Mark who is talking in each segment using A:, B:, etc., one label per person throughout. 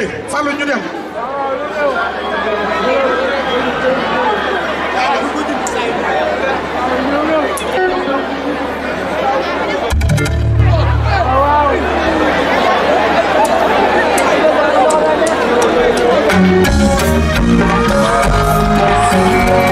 A: député fàllu ñu dem
B: Thank you.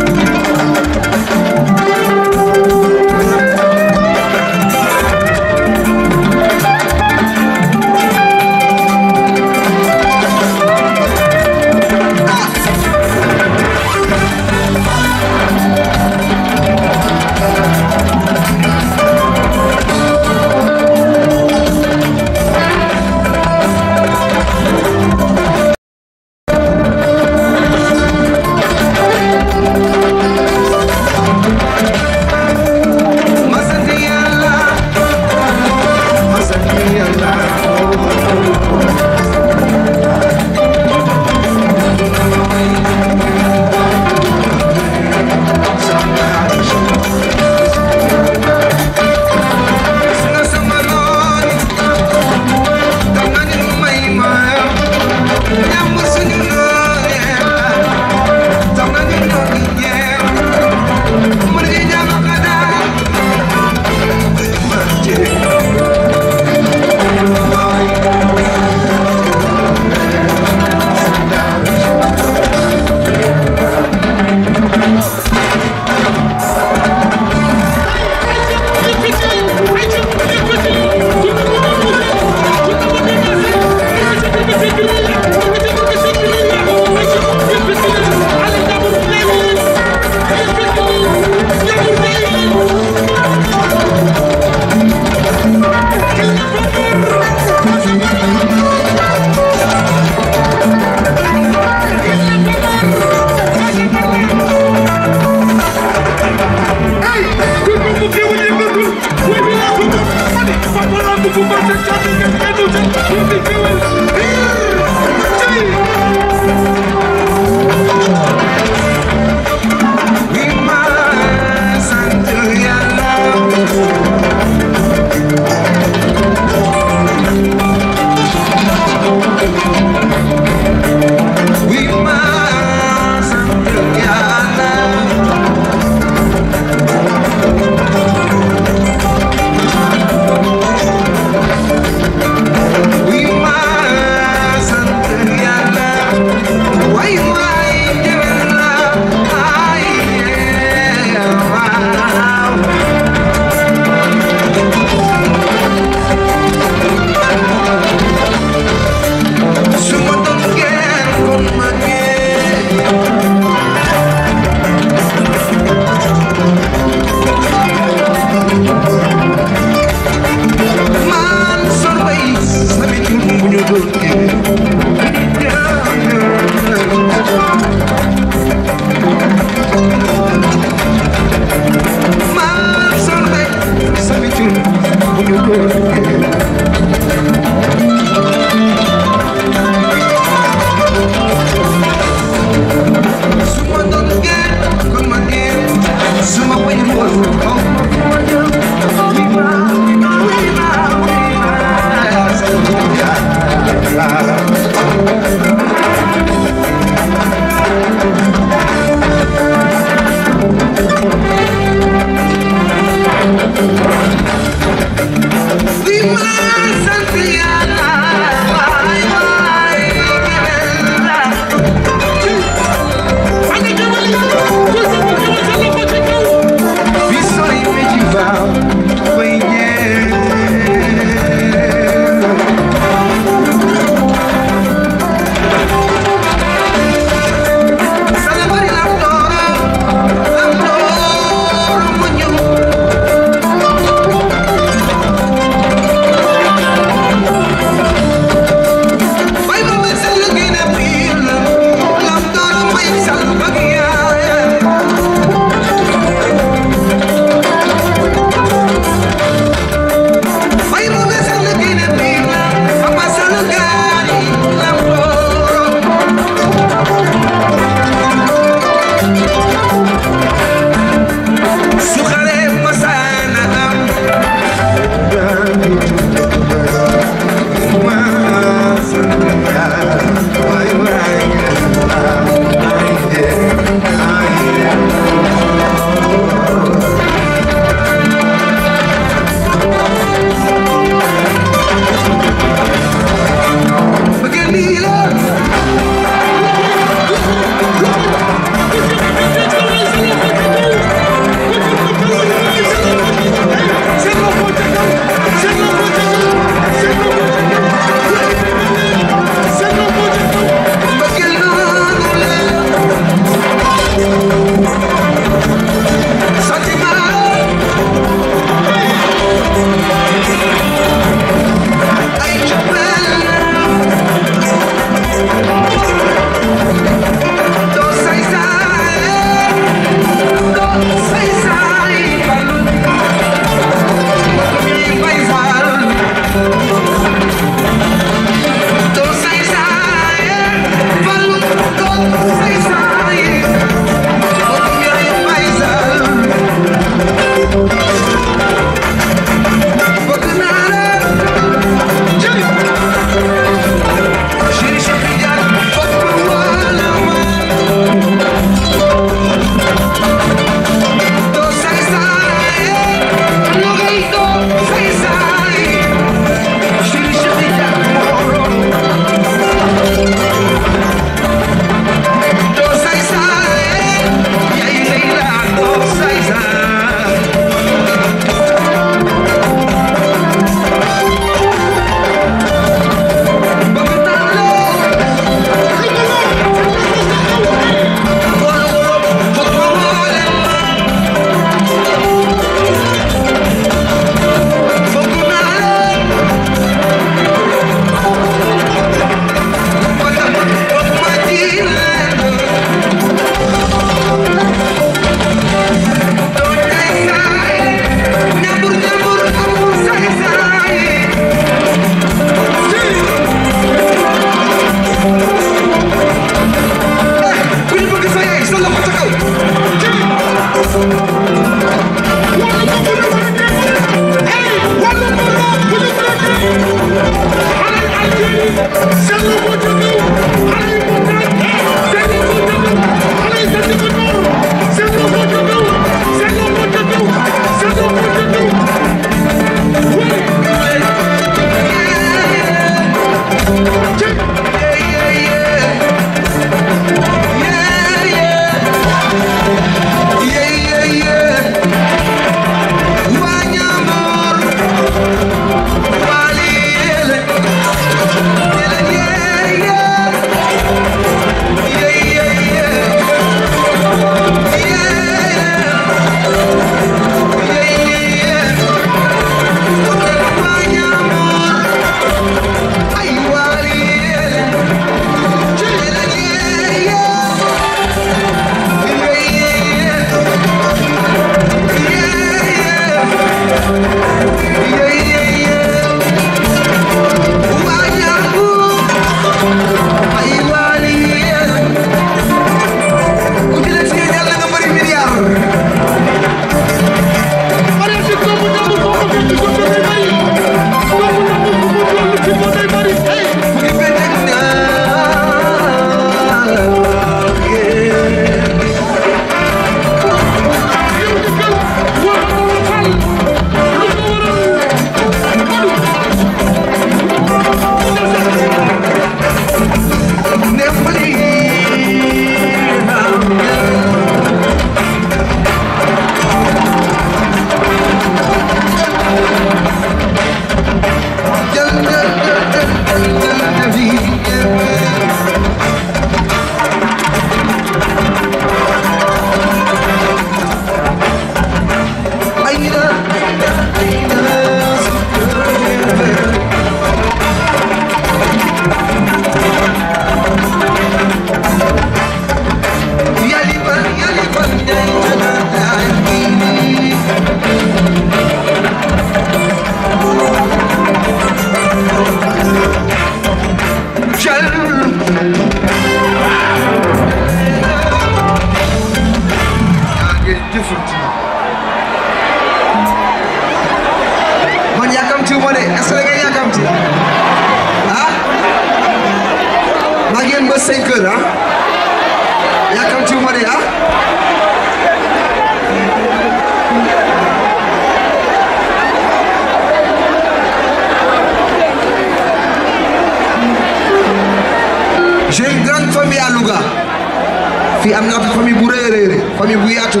A: i am not from bu rëy a rëy bu yaatu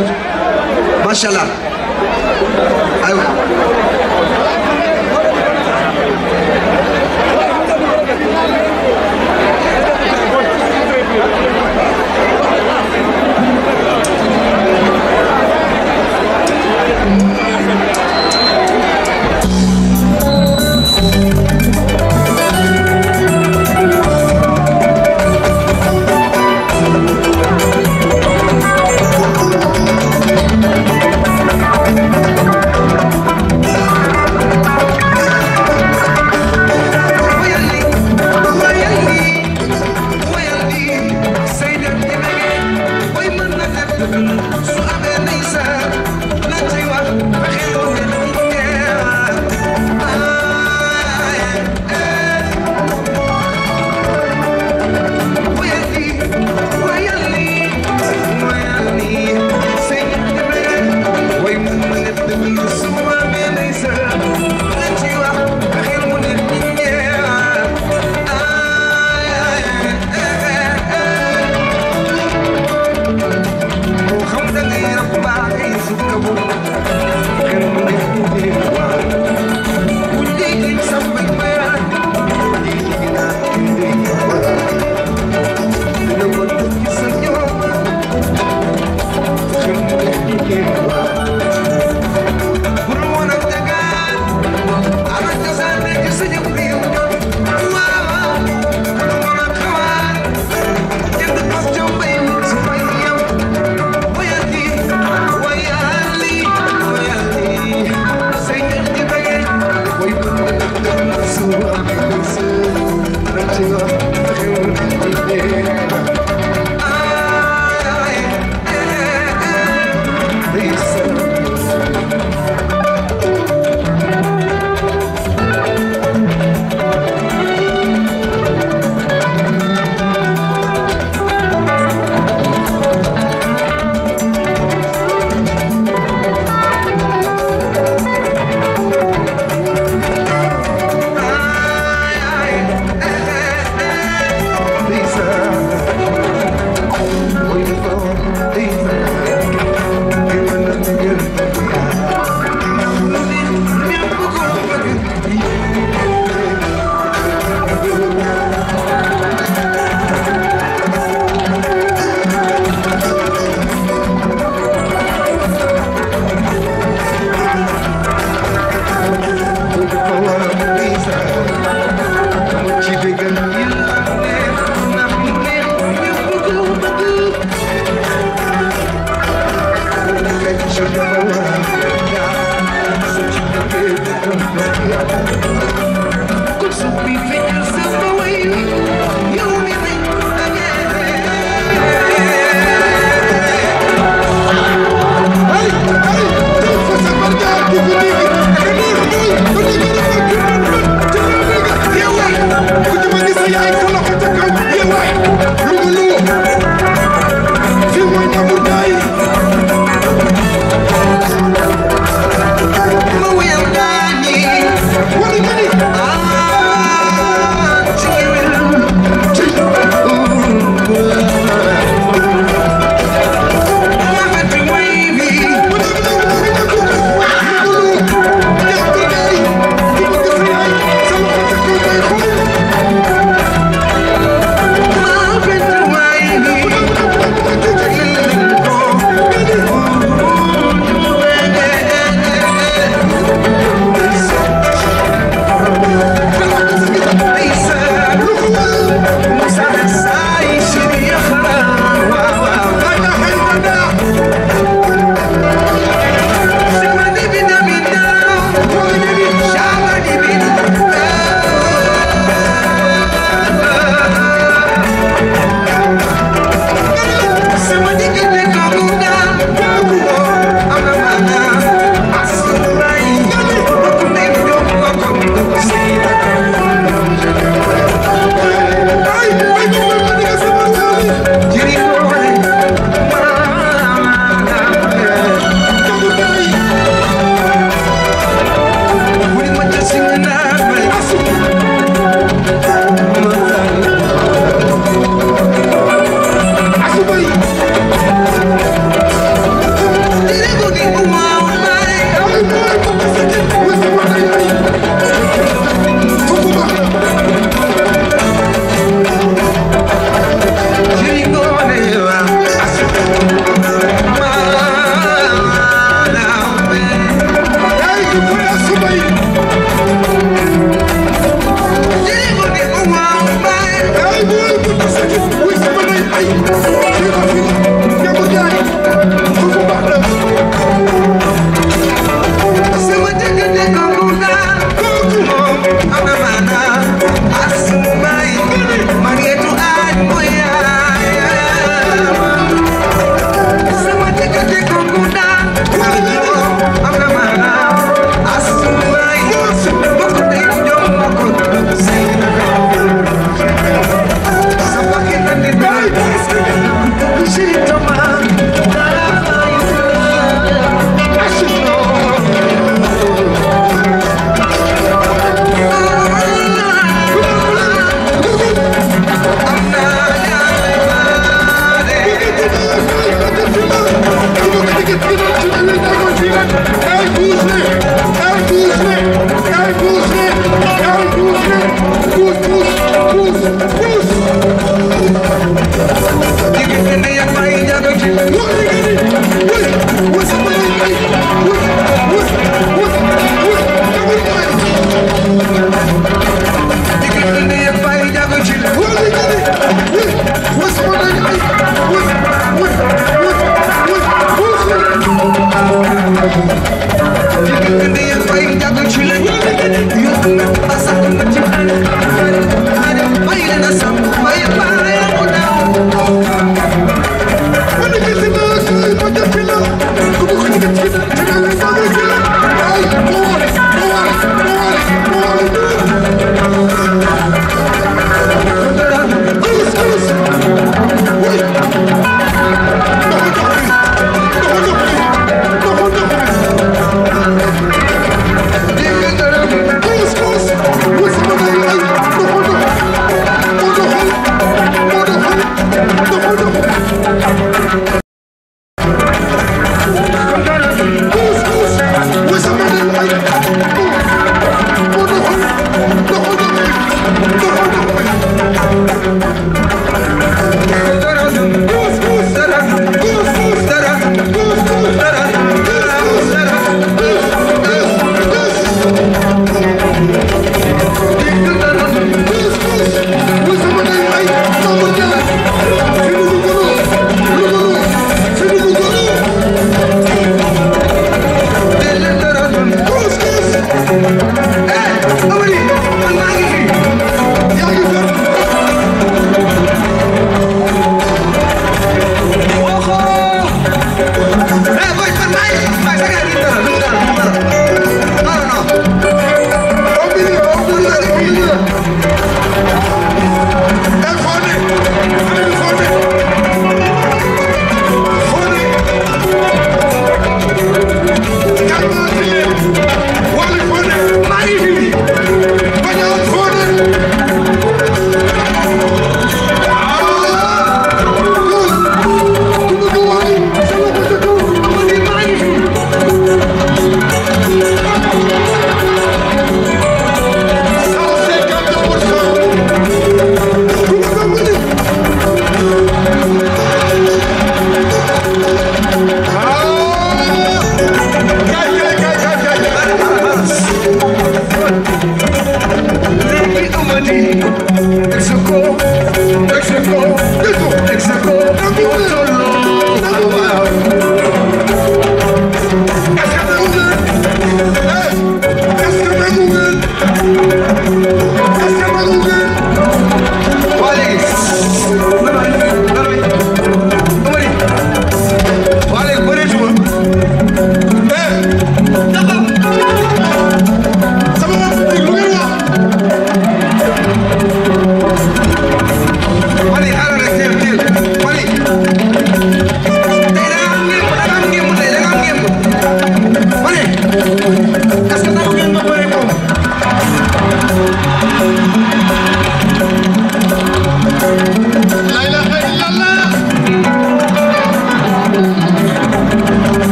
A: allah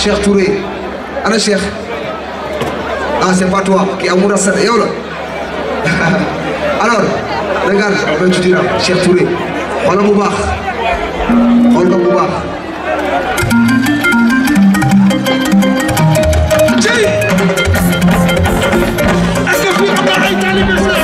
A: Cheikh Touré ana Cheikh ah c'est pas toi kii amul rasta yow la alors regarde après tu diras Cheikh Touré xoolal bu baax xool ko bu baax. est-ce que fii am na ay talibé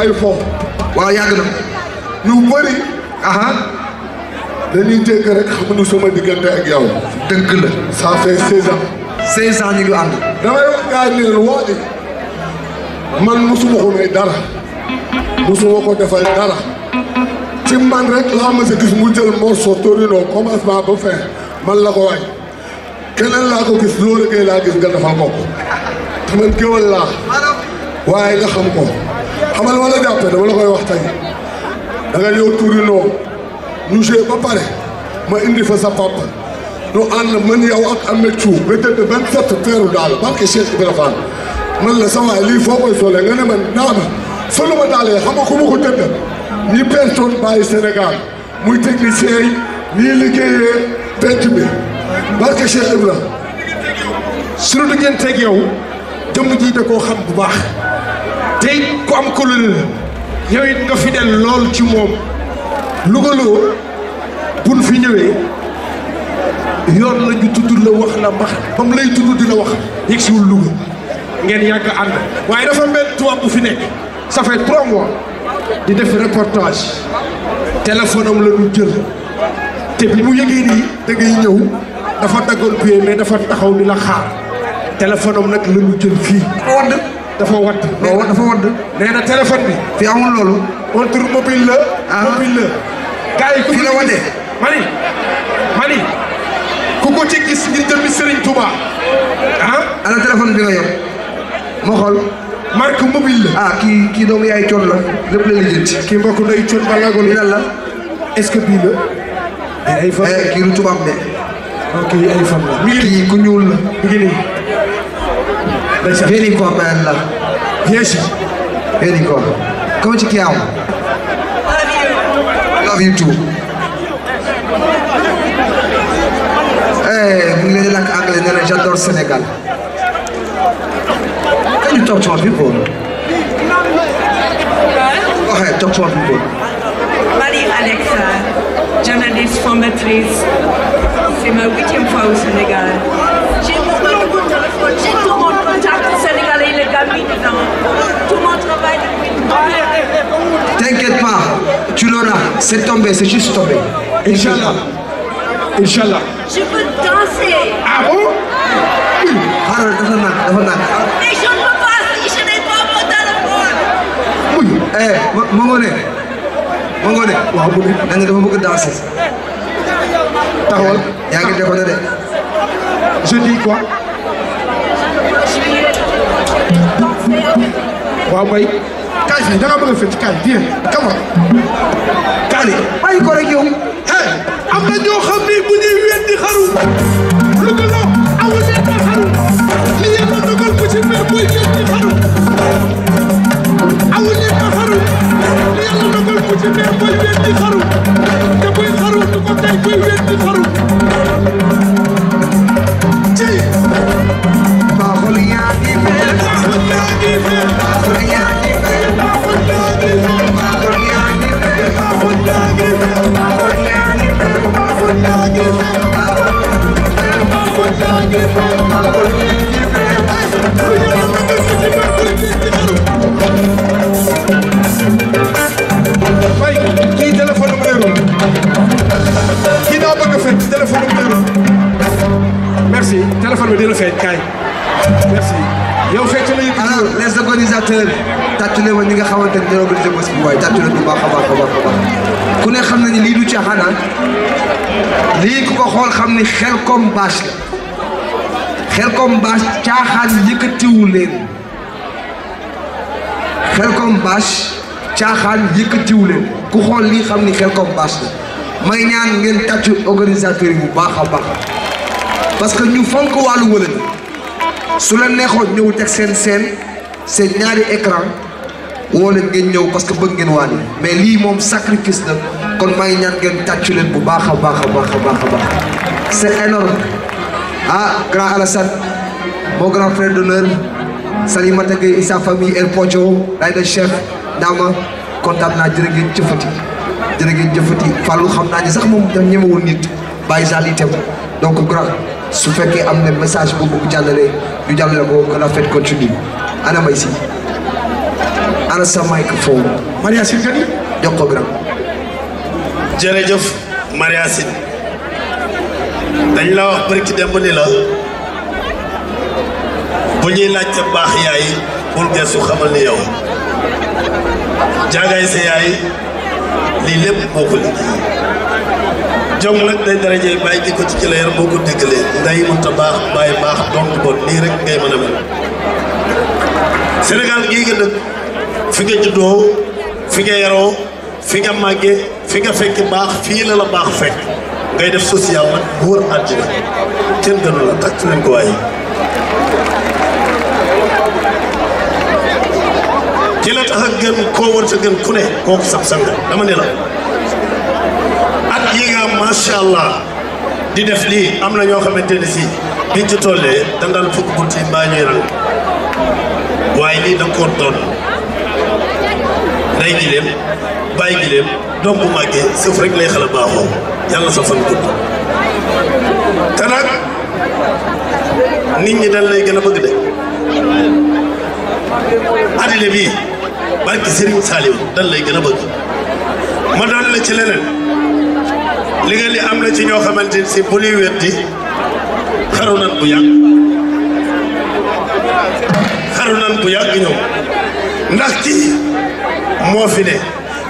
A: ay fo waaw yàgg na yu bëri aha dañuy dégg rek xamuñu sama diggante ak yow. dëgg la. ça fait seize ans. seize ans ñu ngi wax
C: gars yi ne woo ni man mosuma ko may dara mosuma ko defal dara ci man rek laa ma sa gis mu jël morceau Torino commencement ba fin man la ko waay keneen laa ko gis loolu kay laa gis nga defal ko ko te man waaye nga xam ko. xamal ma la jàppee dama la koy wax tey da nga ñëw tuuri noonu ba pare ma indi fa sa papa ñu ànd man yow ak Ameth Thiou nga jënd vingt sept peeru daal barke Cheikh Ibrahima Fall man la sa waay lii foo koy solee nga ne ma naana solu ma daalee xam nga ku ma ko jënd ñi personne bàyyi Sénégal muy technicien yi ñii liggéeyee penc bi barke Cheikh Ibrahima sunu diggante ak yow jëmm ji da koo xam bu baax te it ku am ko la yow it nga del lol ci lu ko lu buñ fi ñëwee yoon la ju tuddu la wax la mbax bam lay tuddu di la wax yegg siwul lu ngeen yag and waye dafa mel tuwa bu fi nek ça fait trois mois di def reportage téléphone am la ñu jël té bi mu yëgee ni da ngay ñëw dafa dagol pied mais dafa taxaw di la xaar téléphone am nak la ñu
A: jël wonde Oh, dafa wadd nee na téléphone bi fi amul loolu contre mobile la ah. mobile la gars yi fi la wadee mani mani ku ko ci gis ngir jëmmi Serigne Touba ah ana téléphone bi nga yor ma xool marque mobile la ah kii kii doomu coon la lépp la lijjanti kii mbokk coon balagol yi lan la est-ce que bii la eh, ay fan kii tubaab de kii ku ñuul la mi Vieni qua bella. Riesci? Vieni qua. Come ti chiamo? Love you. Love Hey, we made like Angle and then Senegal. Can you talk to our people? Go ahead, talk to our people.
C: Marie Alexa,
B: journalist from the trees. C'est ma huitième fois au Sénégal.
C: J'ai mon téléphone. T'inquiète pas,
A: tu l'auras. C'est tombé, c'est juste tombé. Inch'Allah. Inch'Allah.
B: Je veux danser. Ah bon Ah Mais je ne peux pas, je n'ai pas mon
A: téléphone. Oui, eh, danser. Je dis quoi waaw bay kaay fii da nga bëgg a fëtt kaay di kama kaani bàyyi ko rek yow am na ñoo xam ne bu
B: ñuy weddi xaru lu ko loo amul weddi xaru li yàlla dogal bu ci mel mooy weddi xaru amul weddi xaru li yàlla dogal bu ci mel
A: Khelcom Bache la Khelcom Bache caaxaan yëkkatiwu leen Khelcom Bache caaxaan yëkkatiwu leen ku xool lii xam ni Khelcom Bache may ñaan ngeen tàccu organisateur bu baax a baax parce que ñu fonk wàllu wëla su la neexoon ñëw teg seen seen seen ñaari écran woo ngeen ñëw parce que bëgg ngeen wàll mais lii moom sacrifice la kon may ñaan ngeen tàccu leen bu baaxa a baaxa a baax a a c'est énorme ah grand Alassane mo grand frère d'honneur Salimata Gueye et sa famille El Pocho da chef Dama kontaan na jërë ngeen jëfati jërë ngeen jëfati Fallou sax moom daf ñemewul nit bàyyi sali itam donc grand su fekkee am na message bu bu jàllale ñu jàllale ko que la fête continue ana may si ana sa microphone Maria Sylvie
C: jox ko grand jërëjëf Maria Sine dañ la wax barki demb ni la bu ñuy laajte baax yaay bul geesu xamal ni yow jaagaay sa yaay lii lépp moo ko liggéey jom nag day darajey bàyyi ji ko ci ci la yar moo ko déggalee nday mënta baax bàyyi baax doom bon nii rek ngay mën a mel Sénégal gii nga dëkk fi nga juddoo fi nga yaroo fi nga màggee fi nga fekk baax fii la la baax fekk ngay def social nag bu àddina kenn gënu la tàcc nañ ko waaye ci la tax a gën koo wër sa gën ku ne kooku sax dama ne la at yi allah di def lii am na ñoo xamante ne si biñ ci tollee dandal fukk bunt yi mbaa ñuy rang waaye lii da nga doon day ji bàyyi gileem doom bu màggee sëf rek lay xala baaxoo yàlla sa fan gudd te nag nit ñi dañ lay gën a bëgg de addina bii barki Serigne Saliou dañ lay gën a bëgg ma doon la ci leneen li li am na ci ñoo xamante ni si bu ñuy weddi xaru nan bu yàgg xaru nan moo fi ne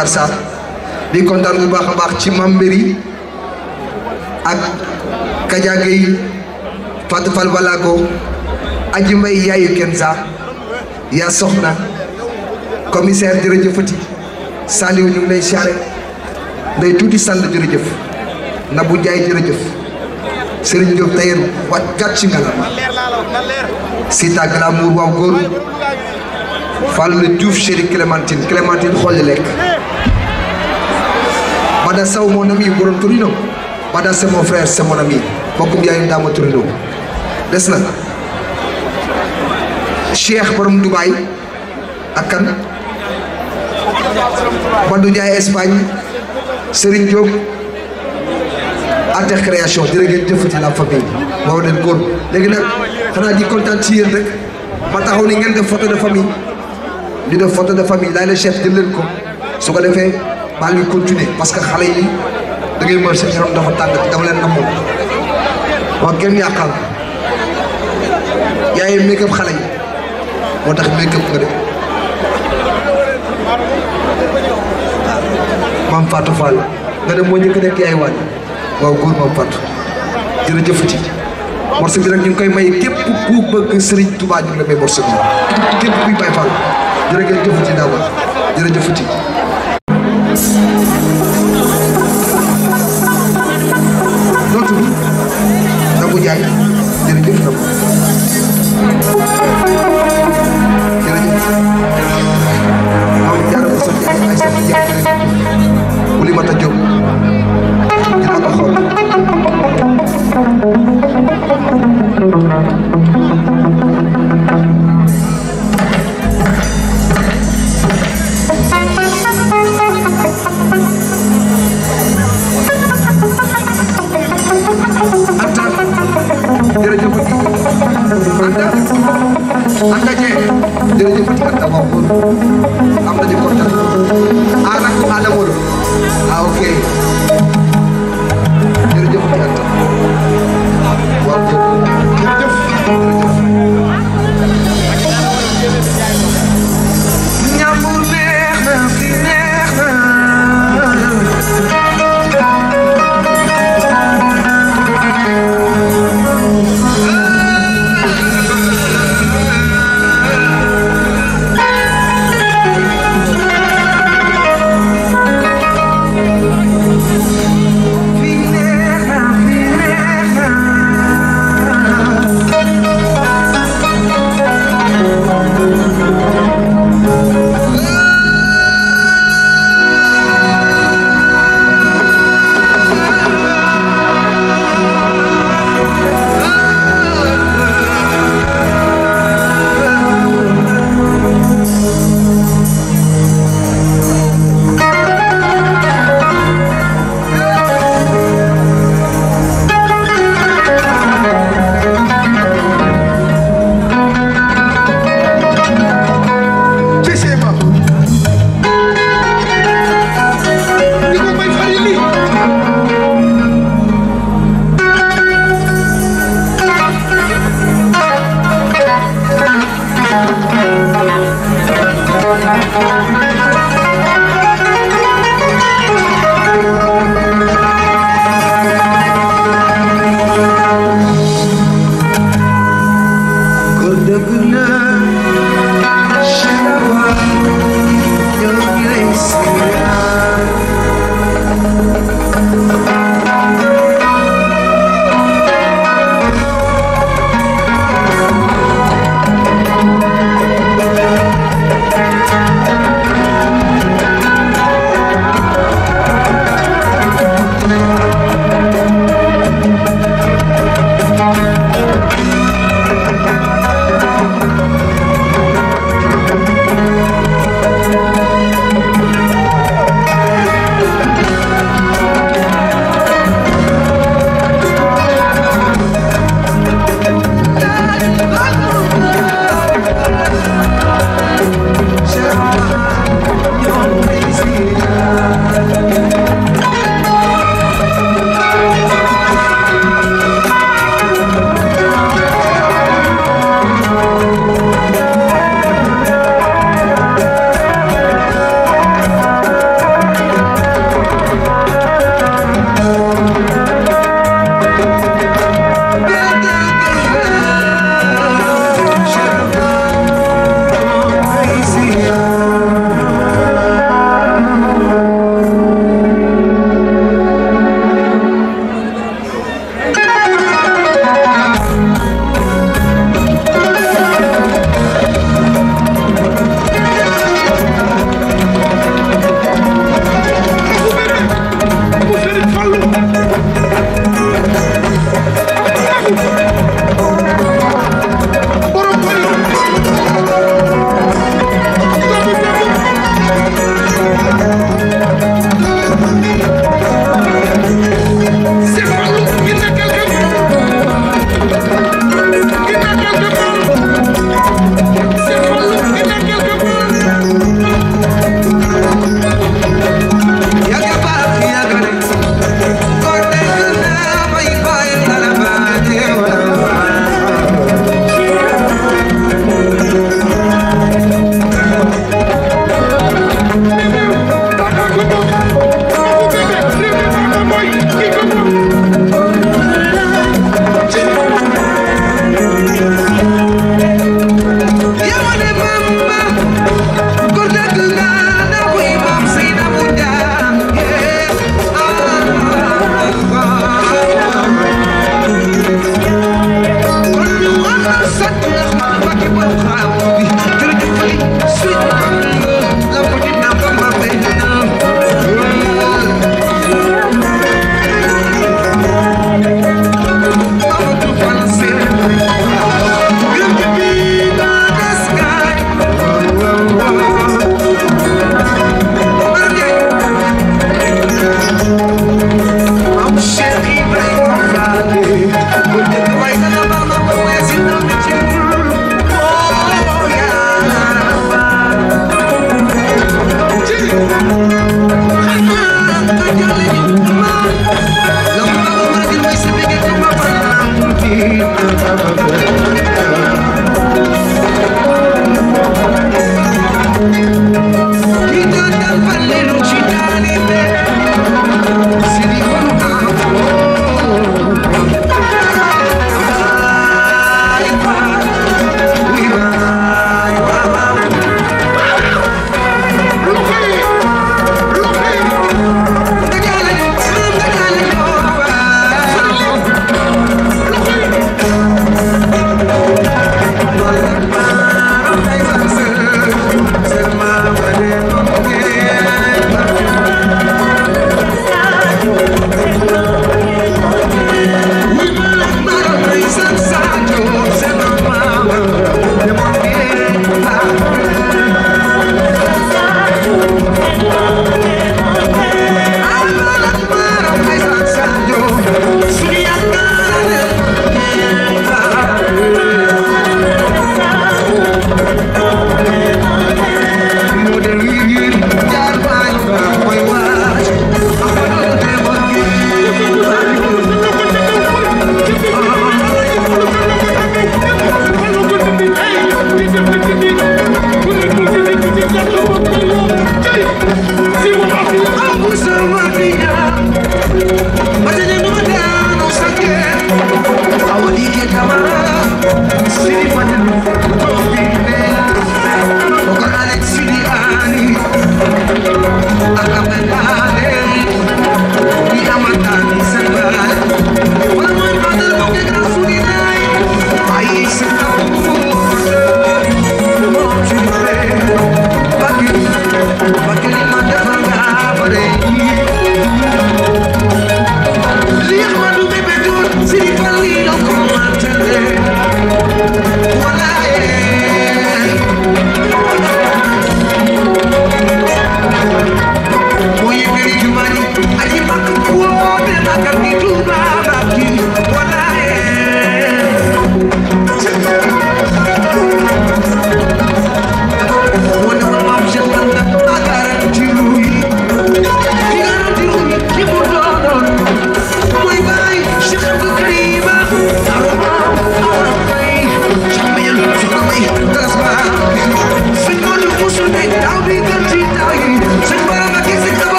A: Omar Sarr kontaan bu baax a baax ci Mambéry ak Kaja Gueye Fatou Fall Balago Aji Mbay yaayu Kenza yaa soxna commissaire jërëjëfati Saliou ñu ngi lay siyaare nday tuuti sàll jërëjëf Nabou Ndiaye jërëjëf Serigne Diop tayer wat gàtt ci ngalama Sita Glamour waaw góor Fall Diouf chéri Clémentine Clémentine xool lekk Badassa mon ami borom Torino Bada c'est mon frère c'est ami mbokkum yaayu Ndaama Torino des na Cheikh borom Dubaay ak kan Badou Ndiaye Espagne Serigne Diop Arte Création jërëngeen jëfati la famille moo leen góor léegi nag xanaa di kontaan ci yéen rek ma taxaw ni ngeen def photo de famille ñu def photo de famille laay chef jël leen ko su ko defee maa continue parce que xalé yi da ngay mën seen yaram dafa tàng dama len namu wa kenn yàqal yaay make up xale yi moo tax make up nga de maam Fatou Fall nga dem mo ñëk nek yaay waaj wa goor maam Fatou jërëjëf ci morceau bi nag ñu koy may képp ku bëgg Serigne Touba ñu la may morceau bi képp kuy bay Fall jërëjëf ci daawa jërëjëf ci Yes.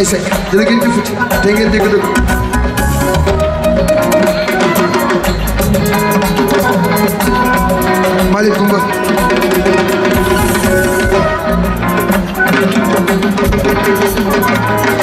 A: Ndiaye Seck jërë ngeen jëfati te ngeen dégg Thank you.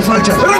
A: Faccia, faccia.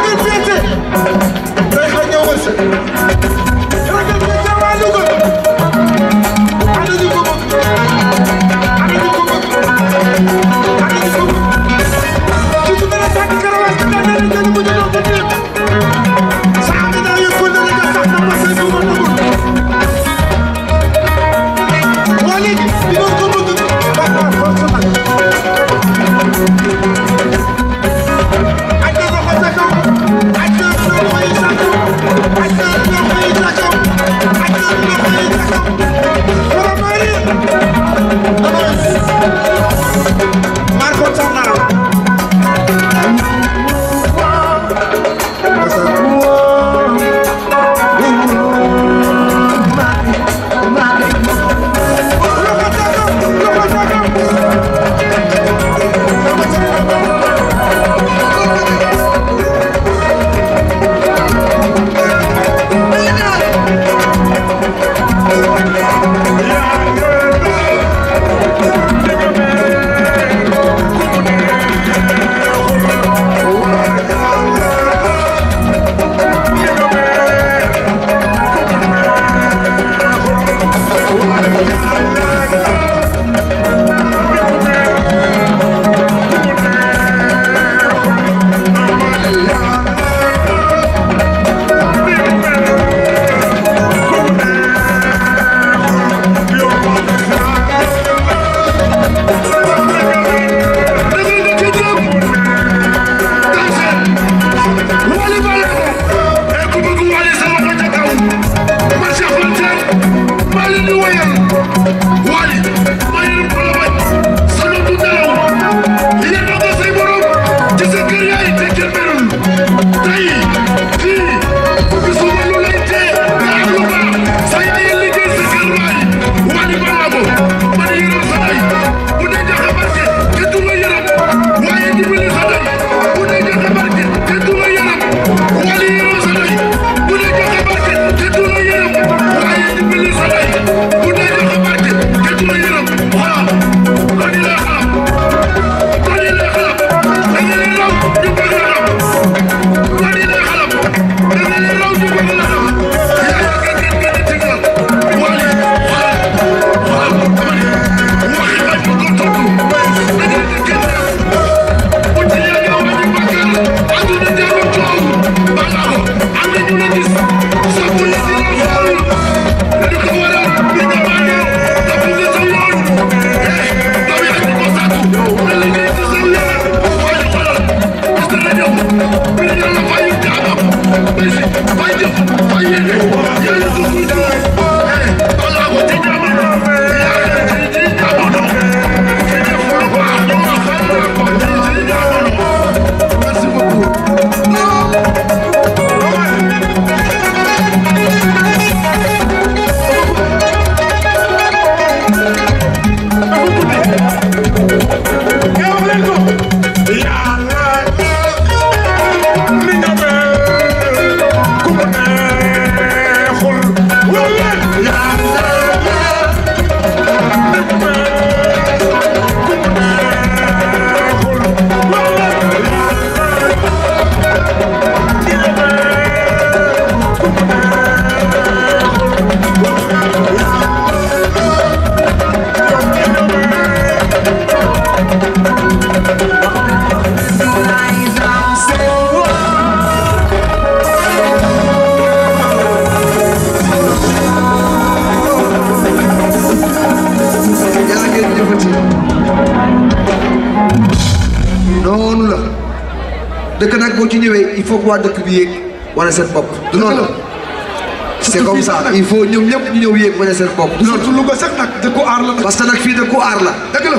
A: il faut ñoom ñëpp ñu ñëw yéeg mëne seen bopp surtout lu ba sax nag dëkku aar la parce que nag fii dëkku aar la dëgg la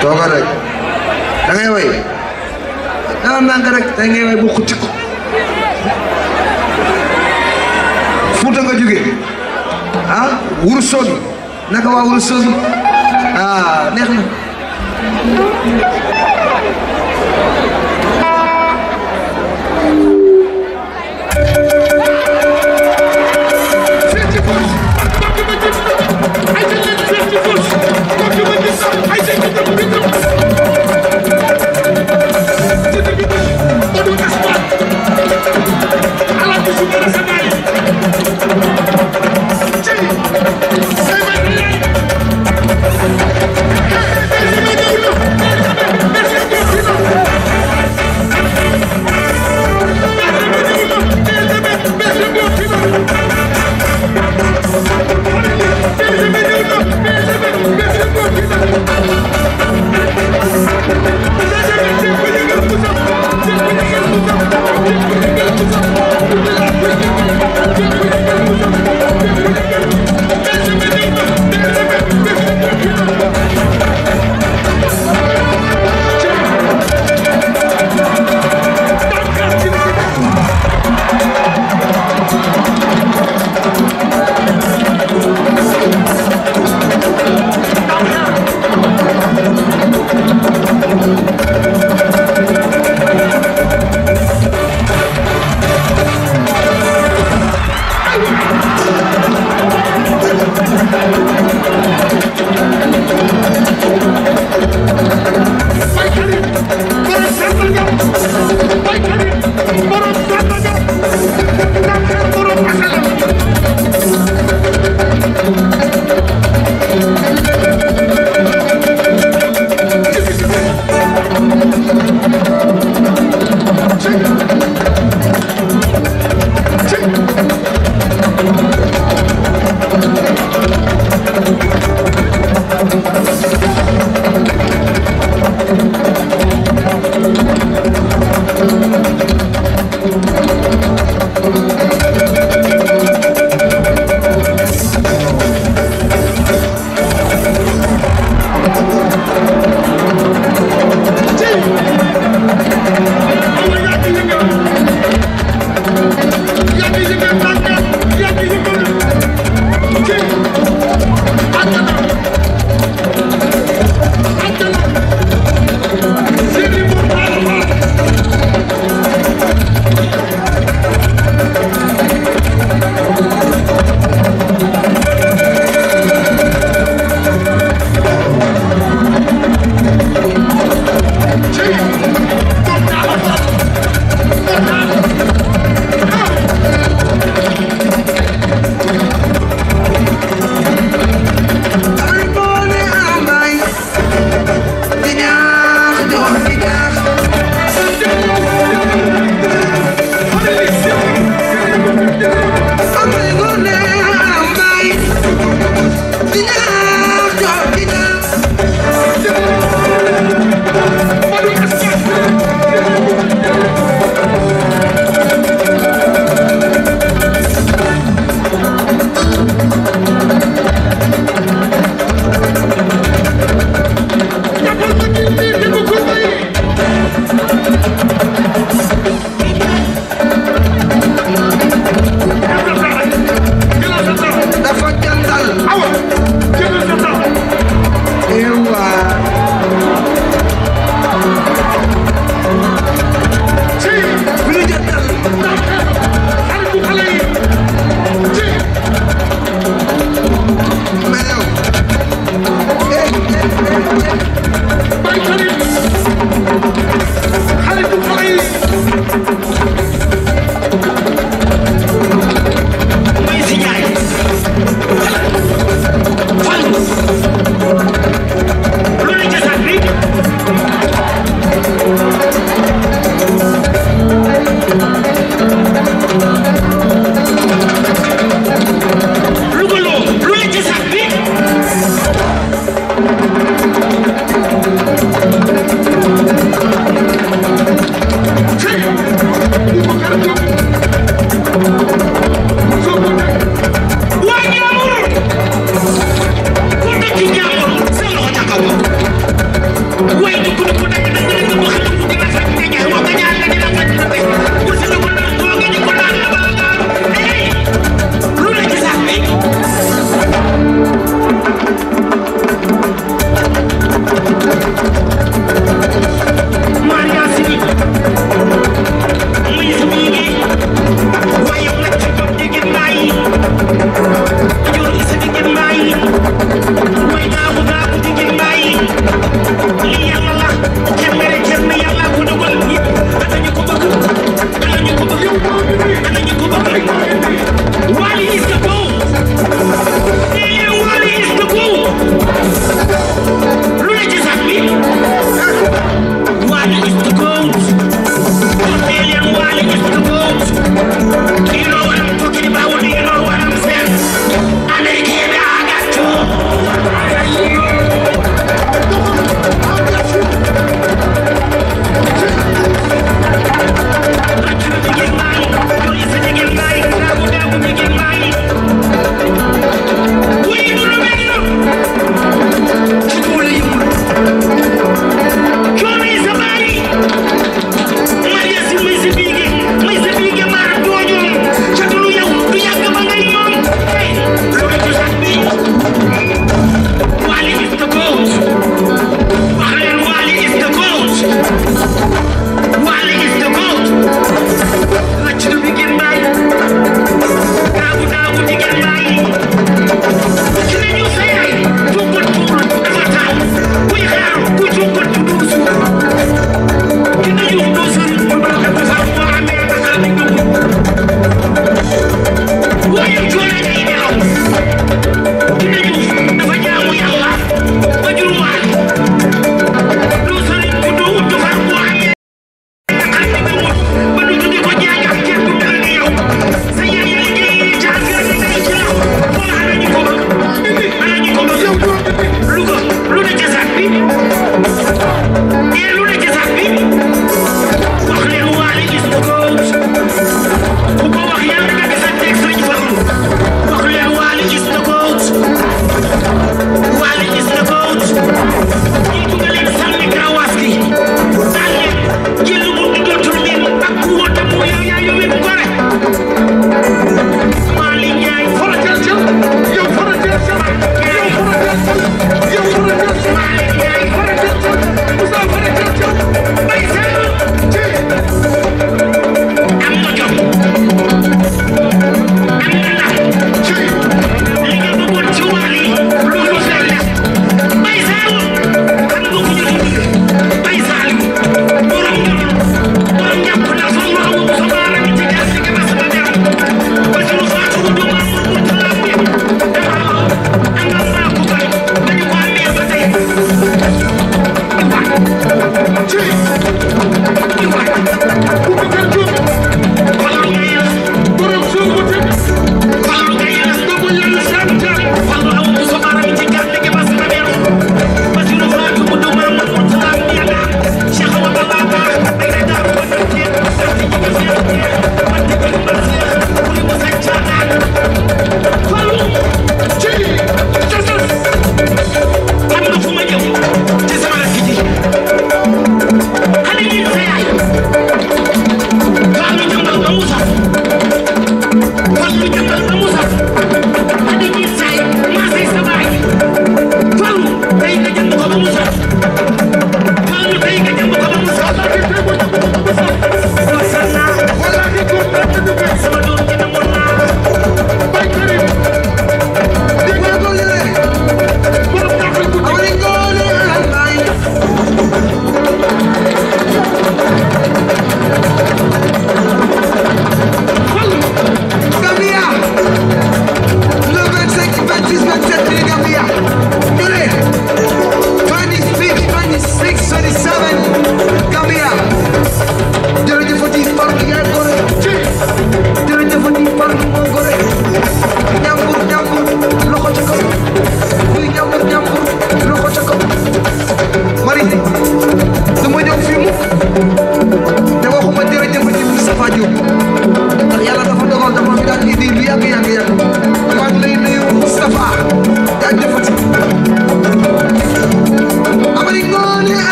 A: toogal rek da ngay way dana nànk rek da ngay way bu xutti ko fuuta nga jóge ah wursoon naka wa wursoon ah neex na